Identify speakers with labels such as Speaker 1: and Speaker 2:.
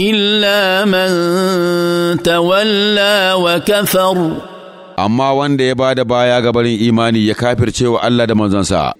Speaker 1: إلا من تولى وكفر أما وان دي بعد بايا قبل إيماني يكافر شيء الله دمان زنسا